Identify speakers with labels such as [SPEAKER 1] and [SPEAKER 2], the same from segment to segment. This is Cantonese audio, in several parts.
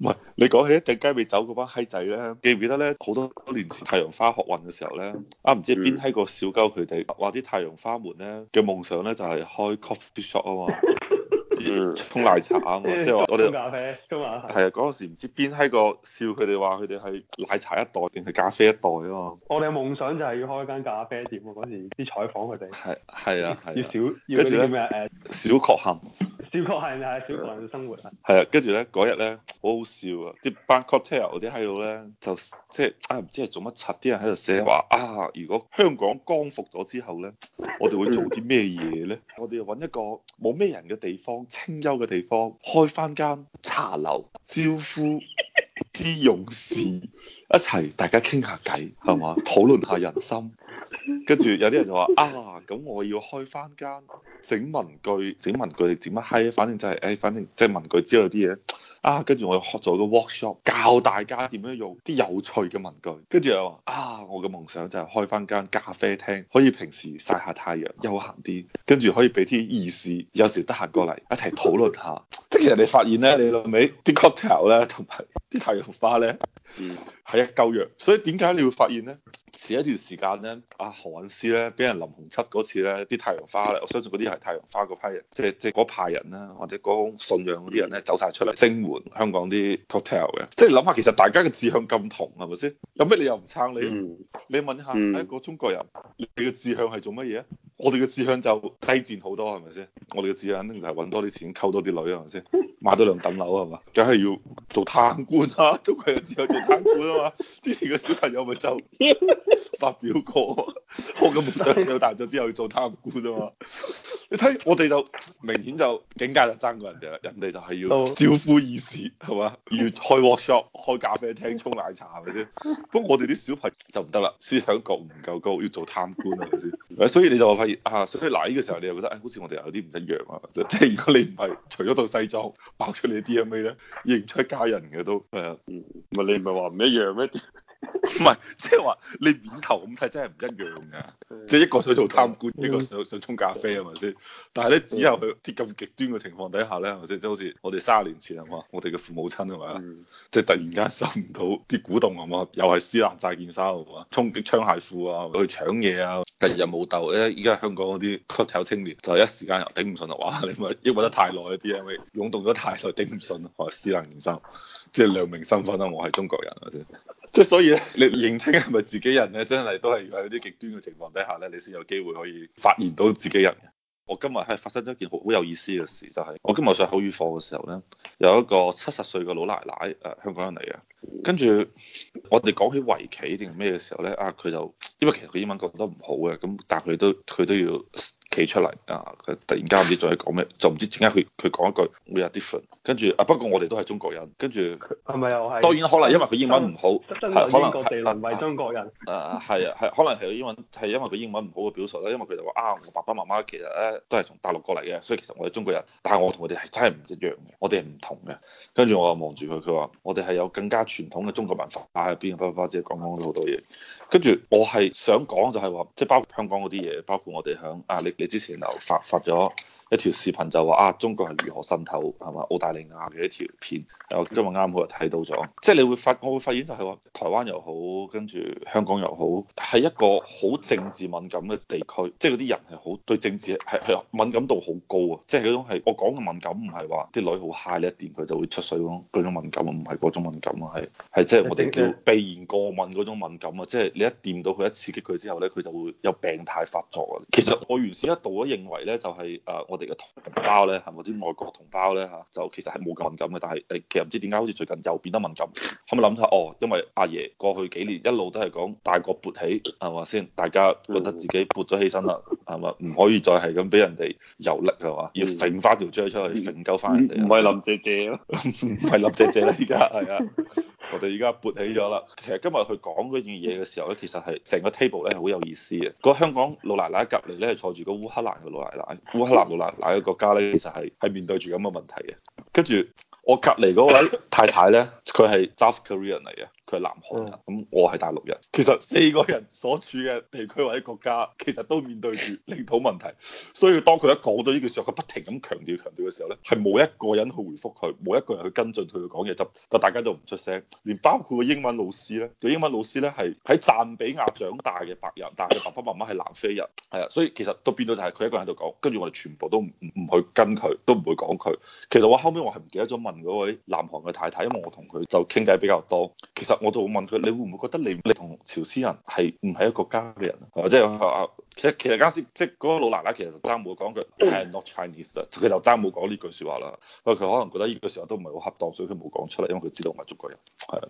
[SPEAKER 1] 唔係，你講起一隻雞尾走嗰班閪仔咧，記唔記得咧？好多年前，太陽花學運嘅時候咧，啊唔知邊閪個小鳩佢哋話啲太陽花們咧嘅夢想咧就係開 coffee shop 啊嘛，即係沖奶茶啊嘛，即係話我哋。沖咖啡，沖啊！係啊，嗰陣時唔知邊閪個笑佢哋話佢哋係奶茶一代定係咖啡一代啊嘛。我哋
[SPEAKER 2] 嘅夢想就係要開
[SPEAKER 1] 一間咖啡店啊！嗰時啲採訪佢哋係係啊，啊要少要嗰咩誒小確幸。
[SPEAKER 2] 少數人係少數人
[SPEAKER 1] 的生活啊！係啊，跟住咧嗰日咧好好笑啊！啲班 cocktail 啲喺度咧就即係啊，唔知係做乜柒，啲人喺度寫話啊！如果香港光復咗之後咧，我哋會做啲咩嘢咧？ 我哋要揾一個冇咩人嘅地方，清幽嘅地方，開翻間茶樓，招呼啲勇士一齊，大家傾下偈係嘛？討論下人生。跟住 有啲人就話啊，咁我要開翻間。整文具，整文具，整乜閪？反正就係、是，誒、欸，反正即係文具之類啲嘢啊。跟住我學咗個 workshop，教大家點樣用啲有趣嘅文具。跟住又話啊，我嘅夢想就係開返間咖啡廳，可以平時曬下太陽，休閒啲，跟住可以俾啲意思，有時得閒過嚟一齊討論下。 即係其實你發現咧，你老味啲 cocktail 咧，同埋啲太陽花咧。嗯，係啊，夠樣，所以點解你會發現咧？前一段時間咧，阿、啊、何韻詩咧，俾人林鴻七嗰次咧，啲太陽花咧，我相信嗰啲係太陽花嗰批人，即係即係嗰派人啦，或者嗰種信仰嗰啲人咧，走晒出嚟，聲援香港啲 hotel 嘅。即係諗下，其實大家嘅志向咁同，係咪先？有咩理由唔撐你？嗯、你問一下，一、嗯哎那個中國人，你嘅志向係做乜嘢啊？我哋嘅志向就低賤好多，係咪先？我哋嘅志向肯定就係搵多啲錢，溝多啲女，係咪先？買多兩等樓，係嘛？梗係要。做貪官啊，中國人只有做貪官啊嘛。 之前個小朋友咪就發表過， 我嘅夢想長大咗之後要做貪官啊嘛。你睇我哋就明顯就境界就爭過人哋啦，人哋就係要小富易事係嘛？要開 workshop 開咖啡廳沖奶茶係咪先？不過 我哋啲小朋友就唔得啦，思想覺悟唔夠高，要做貪官係咪先？所以你就話發現啊，所以嗱呢個時候你又覺得誒、哎，好似我哋有啲唔一樣啊。即係、就是、如果你唔係除咗套西裝，爆出你 D M A 咧，認出家人嘅都係啊。唔係、嗯、你唔係話唔一樣咩？ 唔係，即係話你面頭咁睇，真係唔一樣嘅。即係一個想做貪官，一個想想沖咖啡啊，係咪先？但係咧，只有喺啲咁極端嘅情況底下咧，係咪先？即好似我哋卅年前啊嘛，我哋嘅父母親係咪啊？即係突然間受唔到啲鼓動啊嘛，又係撕爛晒件衫啊嘛，衝擊槍械庫啊，去搶嘢啊，日日武鬥咧。而家香港嗰啲 cut 頭青年就是、一時間頂唔順啊，哇！你咪抑鬱得太耐啲啊，咪湧動咗太耐，頂唔順咯，撕爛件衫，即係兩、就是、名身份啊。我係中國人啊先。是。即係所以咧，你認清係咪自己人咧，真係都係喺啲極端嘅情況底下咧，你先有機會可以發現到自己人。我今日係發生咗一件好有意思嘅事，就係、是、我今日上口語課嘅時候咧，有一個七十歲嘅老奶奶，誒、呃、香港人嚟嘅，跟住我哋講起圍棋定係咩嘅時候咧，啊佢就因為其實佢英文講得唔好嘅，咁但係佢都佢都要。企出嚟啊！佢突然間唔知再講咩，就唔知點解佢佢講一句 We are different。跟住啊，不過我哋都係中國人。跟住係
[SPEAKER 2] 咪又係？是是是當然可能因為佢英文唔好，可能地倫為中國人。
[SPEAKER 1] 啊， 係啊，係可能係個英文係因為佢英文唔好嘅表述啦。因為佢就話啊，我爸爸媽媽其實咧都係從大陸過嚟嘅，所以其實我係中國人。但係我同佢哋係真係唔一樣嘅，我哋係唔同嘅。跟住我啊望住佢，佢話我哋係有更加傳統嘅中國文化喺邊。不不姐只係講講咗好多嘢。跟住我係想講就係、是、話，即係包括香港嗰啲嘢，包括我哋響啊，你。之前又發發咗一條視頻，就話啊，中國係如何滲透係嘛澳大利亞嘅一條片，又今日啱好又睇到咗，即係你會發，我會發現就係話台灣又好，跟住香港又好，係一個好政治敏感嘅地區，即係嗰啲人係好對政治係係敏感度好高啊！即係嗰種係我講嘅敏感，唔係話啲女好嗨，你一掂佢就會出水嗰種，嗰種敏感唔係嗰種敏感啊，係係即係我哋叫鼻炎過敏嗰種敏感啊，即係你一掂到佢一刺激佢之後咧，佢就會有病態發作啊！其實我原先。一度我認為咧就係誒我哋嘅同胞咧，係咪啲外國同胞咧嚇，就其實係冇咁敏感嘅。但係誒，其實唔知點解好似最近又變得敏感。係咪諗下哦？因為阿爺過去幾年一路都係講大國勃起係嘛先，大家覺得自己勃咗起身啦，係嘛？唔可以再係咁俾人哋遊歷係嘛？要揈翻條嘴出去揈鳩翻人哋。唔係、嗯嗯、林姐姐，唔係 林姐姐啦，而家係啊。我哋而家撥起咗啦，其實今日佢講嗰件嘢嘅時候咧，其實係成個 table 咧係好有意思嘅。嗰個香港老奶奶隔離咧係坐住個烏克蘭嘅老奶奶，烏克蘭老奶奶嘅國家咧其實係係面對住咁嘅問題嘅。跟住我隔離嗰位太太咧，佢係 South Korean 嚟嘅。佢係南韓人，咁、嗯、我係大陸人。其實四個人所處嘅地區或者國家，其實都面對住領土問題，所以當佢一講到呢句時候，佢不停咁強調強調嘅時候咧，係冇一個人去回覆佢，冇一個人去跟進佢講嘢，就個大家都唔出聲，連包括個英文老師咧，個英文老師咧係喺贊比亞長大嘅白人，但係佢爸爸媽媽係南非人，係啊，所以其實都變到就係佢一個人喺度講，跟住我哋全部都唔唔去跟佢，都唔會講佢。其實我後面我係唔記得咗問嗰位南韓嘅太太，因為我同佢就傾偈比較多，其實。我就會問佢：你會唔會覺得你你同潮州人係唔係一個家嘅人啊？或者係話？其實其實啱先即係嗰個老奶奶其實就爭冇講句 I'm not Chinese 啦，佢 就爭冇講呢句説話啦，因為佢可能覺得呢個時候都唔係好恰當，所以佢冇講出嚟，因為佢知道我係中國人。係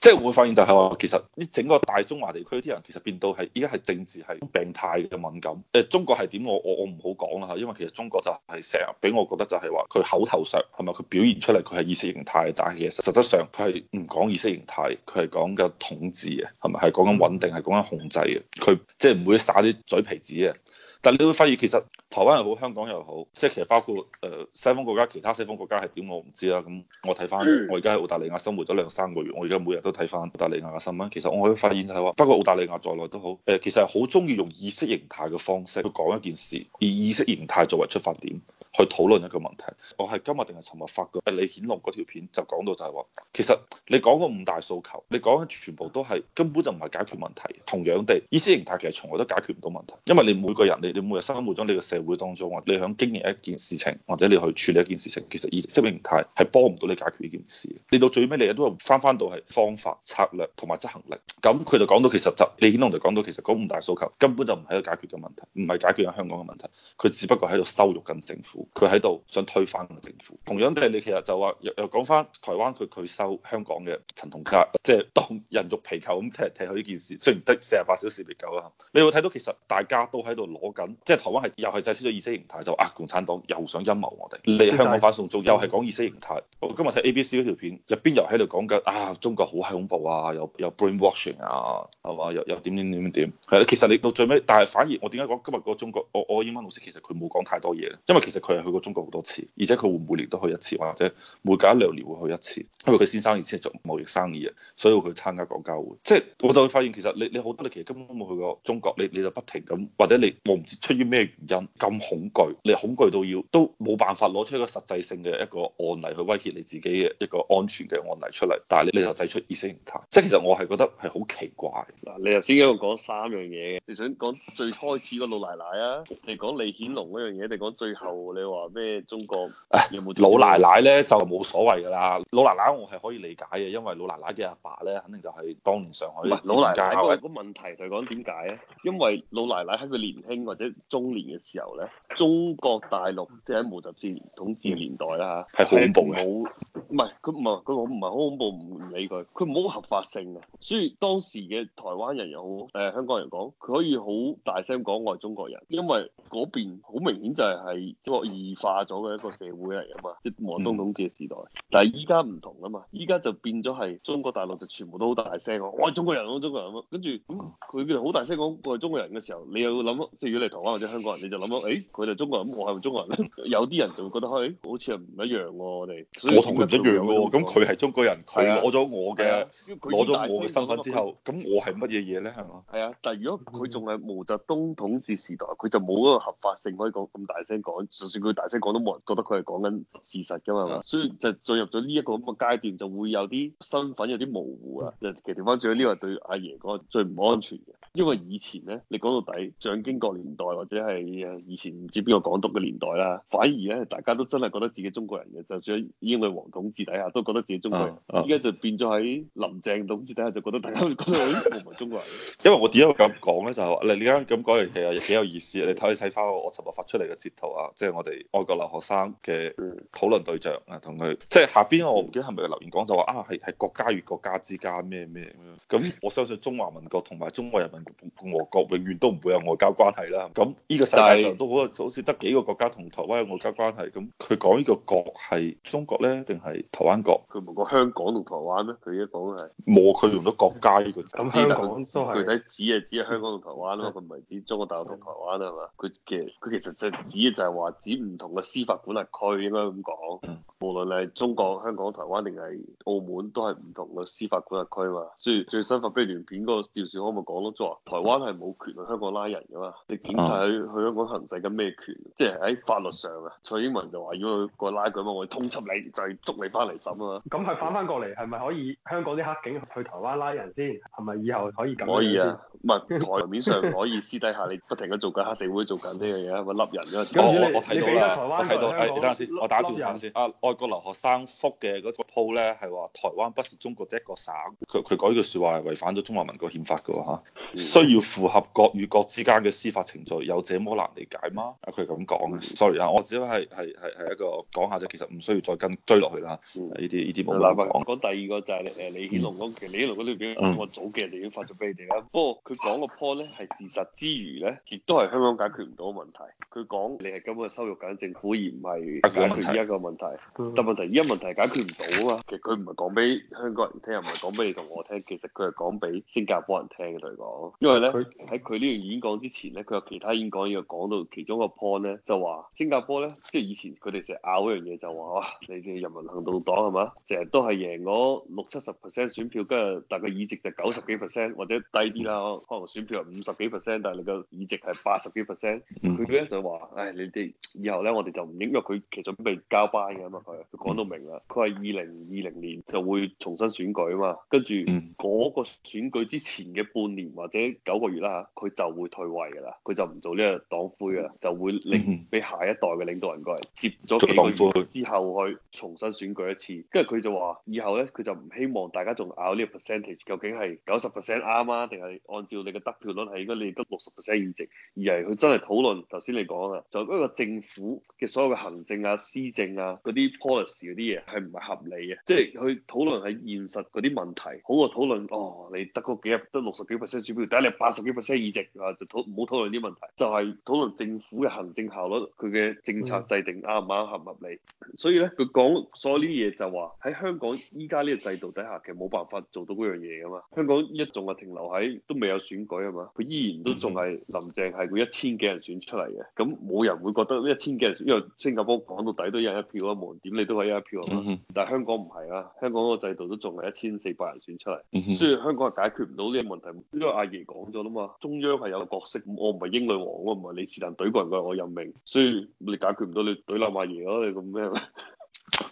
[SPEAKER 1] 即係會發現就係話其實呢整個大中華地區啲人其實變到係依家係政治係病態嘅敏感。誒中國係點？我我我唔好講啦嚇，因為其實中國就係成日俾我覺得就係話佢口頭上係咪佢表現出嚟佢係意識形態，但係其實實質上佢係唔講意識形態，佢係講緊統治嘅係咪係講緊穩定係講緊控制嘅。佢即係唔會耍啲嘴旗子嘅，但你會發現其實台灣又好，香港又好，即係其實包括誒西方國家，其他西方國家係點我唔知啊。咁我睇翻，我而家喺澳大利亞生活咗兩三個月，我而家每日都睇翻澳大利亞嘅新聞。其實我會發現就係話，包括澳大利亞在內都好，誒其實係好鍾意用意識形態嘅方式去講一件事，以意識形態作為出發點。去討論一個問題，我係今日定係尋日發覺，李顯龍嗰條片就講到就係話，其實你講嗰五大訴求，你講嘅全部都係根本就唔係解決問題。同樣地，意識形態其實從來都解決唔到問題，因為你每個人，你你每日生活喺你嘅社會當中、啊、你響經營一件事情，或者你去處理一件事情，其實意識形態係幫唔到你解決呢件事。你到最尾，你都係翻翻到係方法、策略同埋執行力。咁佢就講到，其實就李顯龍就講到，其實嗰五大訴求根本就唔係一個解決嘅問題，唔係解決緊香港嘅問題，佢只不過喺度羞辱緊政府。佢喺度想推翻個政府，同樣地，你其實就話又又講翻台灣佢拒收香港嘅陳同佳，即係當人肉皮球咁踢踢佢呢件事。雖然得四十八小時未夠啦，你會睇到其實大家都喺度攞緊，即係台灣係又係製造咗意識形態，就啊，共產黨又想陰謀我哋，你香港反送中又係講意識形態。我今日睇 A B C 嗰條片，入邊又喺度講緊啊，中國好恐怖啊，又又 brainwashing 啊，係嘛，又又點點點點點，係啦。其實你到最尾，但係反而我點解講今日個中國，我我英文老師其實佢冇講太多嘢，因為其實佢。佢去過中國好多次，而且佢會每年都去一次，或者每隔一兩年會去一次。因為佢先生以前係做貿易生意嘅，所以佢參加港交會。即係我就會發現，其實你你好多，你其實根本都冇去過中國，你你就不停咁，或者你我唔知出於咩原因咁恐懼，你恐懼到要都冇辦法攞出一個實際性嘅一個案例去威脅你自己嘅一個安全嘅案例出嚟。但係你你就製出意識形態。即係其實我係覺得係好奇怪。嗱，你頭先一個
[SPEAKER 2] 講三樣嘢，你想講最開始個老奶奶啊，你講李顯龍嗰樣嘢，你講
[SPEAKER 1] 最後你話咩？中國有有呢老奶奶咧，就冇所謂噶啦，老奶奶我係可以理解嘅，因為老奶奶嘅阿爸咧，肯定就係當年上海。老奶奶，因為個問題就係講點解咧？因為老奶奶喺佢年輕或者中年嘅時候咧，中國
[SPEAKER 2] 大陸即係喺毛澤東統治年代啦，吓係、嗯、恐怖嘅。 唔係，佢唔係，佢好唔係好恐怖，唔理佢。佢冇合法性嘅，所以當時嘅台灣人又好，誒香港人講，佢可以好大聲講我係中國人，因為嗰邊好明顯就係係個異化咗嘅一個社會嚟啊嘛，即黃宗統治嘅時代。但係依家唔同啊嘛，依家就變咗係中國大陸就全部都好大聲講我係中國人咯、啊，中國人咯。跟住佢佢好大聲講我係中國人嘅時候，你又諗，即如果你係台灣或者香港人，你就諗咯，誒佢哋中國人，咁我係咪中國人咧？ 有啲人就會覺得開、欸，好似又唔一樣喎、啊，我哋。所以我同唔咁佢係中國人，佢攞咗我嘅攞咗我嘅身份之後，咁的我係乜嘢嘢咧？係嘛？係啊，但係如果佢仲係毛澤東統治時代，佢、嗯、就冇一個合法性可以講咁大聲講，就算佢大聲講都冇人覺得佢係講緊事實噶嘛。的的所以就進入咗呢一個咁嘅階段，就會有啲身份有啲模糊啊。的其實調翻轉呢個係對阿爺講最唔安全嘅，因為以前咧，你講到底蔣經國年代或者係誒以前唔知邊個港督嘅年代啦，反而咧大家都真係覺得自己中國人嘅，就算已經係黃統字底下都覺得自己中
[SPEAKER 1] 國人，依家、uh, uh, 就變咗喺林鄭度字底下就覺得大家講我唔係中國人。因為我點解會咁講咧？就係、是、話，你依家咁講嚟講去啊，幾有意思、啊。你睇睇翻我尋日發出嚟嘅截圖啊，即、就、係、是、我哋外國留學生嘅討論對象啊，同佢即係下邊我唔記得係咪留言講就話啊，係係國家與國家之間咩咩咁。我相信中華民國同埋中國人民共和國永遠都唔會有外交關係啦、啊。咁呢個世界上都好，好似得幾個國家同台灣有外交關係。咁佢講呢個國係中國咧，定係？台灣國佢冇講香港同台灣咩？佢而家講係冇，佢用咗國家呢個字。咁香港都係，具體指係
[SPEAKER 2] 指香港同台灣啦。佢唔係指中國大陸同台灣啦嘛？佢其實佢其實就係指就係話指唔同嘅司法管轄區，應該咁講。嗯嗯嗯嗯嗯無論係中國、香港、台灣定係澳門，都係唔同嘅司法管轄區嘛。所以最新發俾段片嗰個趙少康咪講咯，即係話台灣係冇權去香港拉人噶嘛。你、嗯、警察，去去香港行使緊咩權？即係喺法律上啊。蔡英文就話如果佢個拉佢嘛，我通緝你，就捉、是、你翻嚟審啊。咁佢反翻過嚟，係咪可以香港啲黑警去台灣拉人先？係咪以後可以咁可以啊。唔係台面上唔可以私，私底下你不停咁做緊黑社會做，做緊呢樣嘢揾笠人咁、哦。我睇到啦，我睇到，到。誒港、哎，你等下先，我打住一下
[SPEAKER 1] 先。阿、啊、外國留學生福嘅嗰個 po 咧，係話台灣不是中國一個省。佢佢講呢句説話係違反咗《中華民國憲法》嘅、啊、喎需要符合國與國之間嘅司法程序，有這麼難理解嗎？啊，佢咁講嘅。sorry 啊，我只不過係係係一個講一下啫，其實唔需要再跟追落去啦。呢啲呢啲冇辦法講。講第二個就係李顯龍嗰、那個，其實李顯龍嗰啲比較早嘅，已經發咗俾你哋啦。不過佢講
[SPEAKER 2] 個 point 咧係事實之餘咧，亦都係香港解決唔到嘅問題。佢講你係根本係收入緊政府，而唔係解決呢一個問題。問題但問題依一個問題解決唔到啊！其實佢唔係講俾香港人聽，唔係講俾你同我聽，其實佢係講俾新加坡人聽嘅。對佢嚟講，因為咧喺佢呢段他演講之前咧，佢有其他演講要經講到其中一個 point 咧，就話新加坡咧，即係以前佢哋成日拗一樣嘢，就話你哋人民行動黨係嘛，成日都係贏咗六七十 percent 選票，跟住大概議席就九十幾 percent 或者低啲啦。可能選票係五十幾 percent，但係你個議席係八十幾 percent。佢嗰、嗯、就話，唉，你哋以後咧，我哋就唔應，因佢其實準備交班嘅嘛。佢講到明啦，佢話二零二零年就會重新選舉啊嘛。跟住嗰個選舉之前嘅半年或者九個月啦嚇，佢就會退位㗎啦，佢就唔做呢個黨魁啊，就會令俾下一代嘅領導人過嚟
[SPEAKER 1] 接咗黨魁
[SPEAKER 2] 之後去重新選舉一次。跟住佢就話：以後咧，佢就唔希望大家仲拗呢個 percentage，究竟係九十 percent 啱啊，定係按？照你嘅得票率係應該你得六十 percent 議席，而係佢真係討論頭先你講啊，就嗰、是、個政府嘅所有嘅行政啊、施政啊、嗰啲 policy 嗰啲嘢係唔係合理嘅？即係佢討論係現實嗰啲問題，好過討論哦，你得嗰幾得六十幾 percent 選票，但係你八十幾 percent 議席啊，就討唔好討論啲問題，就係、是、討論政府嘅行政效率，佢嘅政策制定啱唔啱合唔合，合理。嗯、所以咧，佢講所有呢啲嘢就話喺香港依家呢個制度底下其實冇辦法做到嗰樣嘢㗎嘛。香港一仲係停留喺都未有。選舉啊嘛，佢依然都仲係林鄭係佢一千幾人選出嚟嘅，咁冇人會覺得一千幾人選，因為新加坡講到底都有一票啊嘛，點你都係一票啊嘛，但係香港唔係啊，香港嗰個制度都仲係一千四百人選出嚟，所以香港係解決唔到呢個問題，因為阿爺講咗啦嘛，中央係有個角色，我唔係英女王啊，唔係你是但隊個人嚟，我任命，所以你解
[SPEAKER 1] 決唔到你隊冧阿爺咯，你咁咩、啊？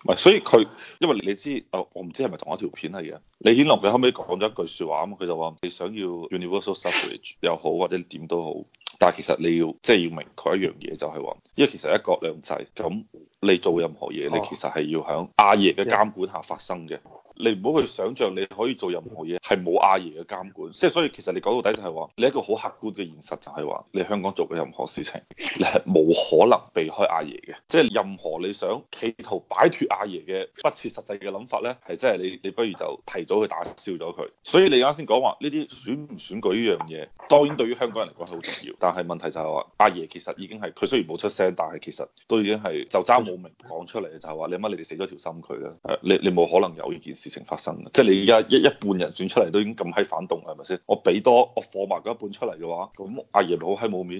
[SPEAKER 1] 唔係，所以佢，因為你知，我我唔知係咪同一條片嚟嘅。李顯龍佢後尾講咗一句説話啊嘛，佢就話：就你想要 universal suffrage 又好，或者點都好，但係其實你要即係、就是、要明確一樣嘢，就係話，因為其實一國兩制，咁你做任何嘢，哦、你其實係要喺阿爺嘅監管下發生嘅。你唔好去想象你可以做任何嘢，係冇阿爺嘅監管，即係所以其實你講到底就係話，你一個好客觀嘅現實就係話，你香港做嘅任何事情，你係冇可能避開阿爺嘅，即係任何你想企圖擺脱阿爺嘅不切實際嘅諗法呢，係真係你你不如就提早去打消咗佢。所以你啱先講話呢啲選唔選舉呢樣嘢，當然對於香港人嚟講係好重要，但係問題就係話，阿爺其實已經係佢雖然冇出聲，但係其實都已經係就爭冇明講出嚟，就係話你乜你哋死咗條心佢啦，你你冇可能有呢件事。事情發生，即係你而家一一半人轉出嚟都已經咁閪反動，係咪先？我俾多，我放埋嗰一半出嚟嘅話，咁阿爺咪好閪冇面。